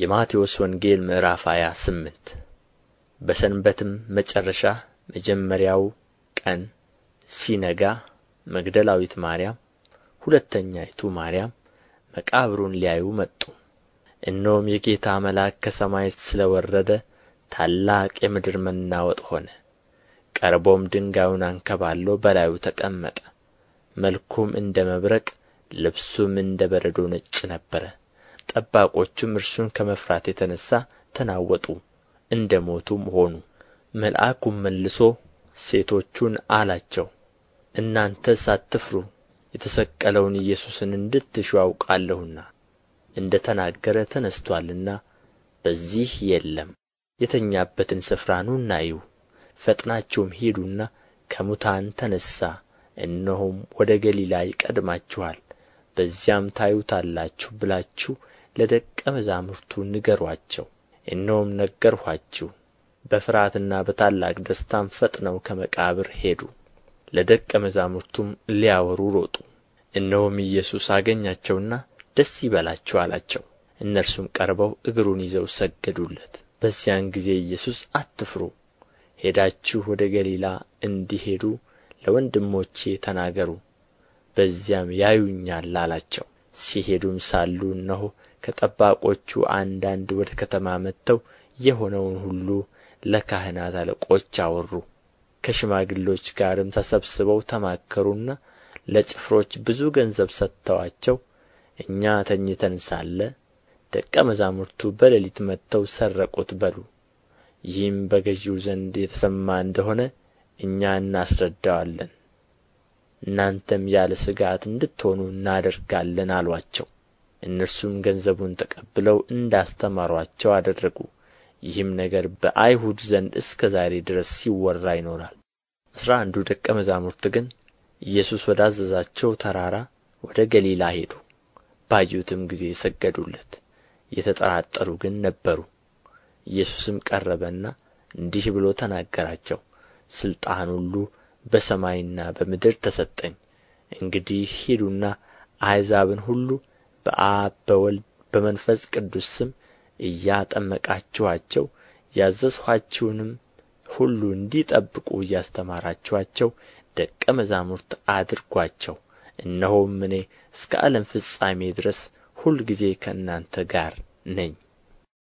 የማቴዎስ ወንጌል ምዕራፍ 28 ስምንት በሰንበትም መጨረሻ መጀመሪያው ቀን ሲነጋ መግደላዊት ማርያም ሁለተኛይቱ ማርያም መቃብሩን ሊያዩ መጡ እነሆም የጌታ መልአክ ከሰማይ ስለወረደ ታላቅ የምድር መናወጥ ሆነ ቀርቦም ድንጋዩን አንከባሎ በላዩ ተቀመጠ መልኩም እንደ መብረቅ ልብሱም እንደ በረዶ ነጭ ነበረ ጠባቆቹም እርሱን ከመፍራት የተነሣ ተናወጡ እንደ ሞቱም ሆኑ መልአኩም መልሶ ሴቶቹን አላቸው እናንተስ አትፍሩ የተሰቀለውን ኢየሱስን እንድትሹ አውቃለሁና እንደ ተናገረ ተነሥቶአልና በዚህ የለም የተኛበትን ስፍራ ኑና እዩ ፈጥናችሁም ሂዱና ከሙታን ተነሣ እነሆም ወደ ገሊላ ይቀድማችኋል በዚያም ታዩታላችሁ ብላችሁ ለደቀ መዛሙርቱ ንገሩአቸው እነሆም ነገርኋችሁ በፍርሃትና በታላቅ ደስታም ፈጥነው ከመቃብር ሄዱ ለደቀ መዛሙርቱም ሊያወሩ ሮጡ እነሆም ኢየሱስ አገኛቸውና ደስ ይበላችሁ አላቸው እነርሱም ቀርበው እግሩን ይዘው ሰገዱለት በዚያን ጊዜ ኢየሱስ አትፍሩ ሄዳችሁ ወደ ገሊላ እንዲሄዱ ለወንድሞቼ ተናገሩ በዚያም ያዩኛል አላቸው ሲሄዱም ሳሉ እነሆ ከጠባቆቹ አንዳንድ ወደ ከተማ መጥተው የሆነውን ሁሉ ለካህናት አለቆች አወሩ ከሽማግሎች ጋርም ተሰብስበው ተማከሩና ለጭፍሮች ብዙ ገንዘብ ሰጥተዋቸው እኛ ተኝተን ሳለ ደቀ መዛሙርቱ በሌሊት መጥተው ሰረቁት በሉ ይህም በገዢው ዘንድ የተሰማ እንደሆነ እኛ እናስረዳዋለን እናንተም ያለ ሥጋት እንድትሆኑ እናደርጋለን አሏቸው። እነርሱም ገንዘቡን ተቀብለው እንዳስተማሩአቸው አደረጉ ይህም ነገር በአይሁድ ዘንድ እስከ ዛሬ ድረስ ሲወራ ይኖራል አስራ አንዱ ደቀ መዛሙርት ግን ኢየሱስ ወዳዘዛቸው ተራራ ወደ ገሊላ ሄዱ ባዩትም ጊዜ ሰገዱለት የተጠራጠሩ ግን ነበሩ ኢየሱስም ቀረበና እንዲህ ብሎ ተናገራቸው ሥልጣን ሁሉ በሰማይና በምድር ተሰጠኝ እንግዲህ ሂዱና አሕዛብን ሁሉ በአብ በወልድ በመንፈስ ቅዱስ ስም እያጠመቃችኋቸው ያዘዝኋችሁንም ሁሉ እንዲጠብቁ እያስተማራችኋቸው ደቀ መዛሙርት አድርጓቸው እነሆም እኔ እስከ ዓለም ፍጻሜ ድረስ ሁልጊዜ ከእናንተ ጋር ነኝ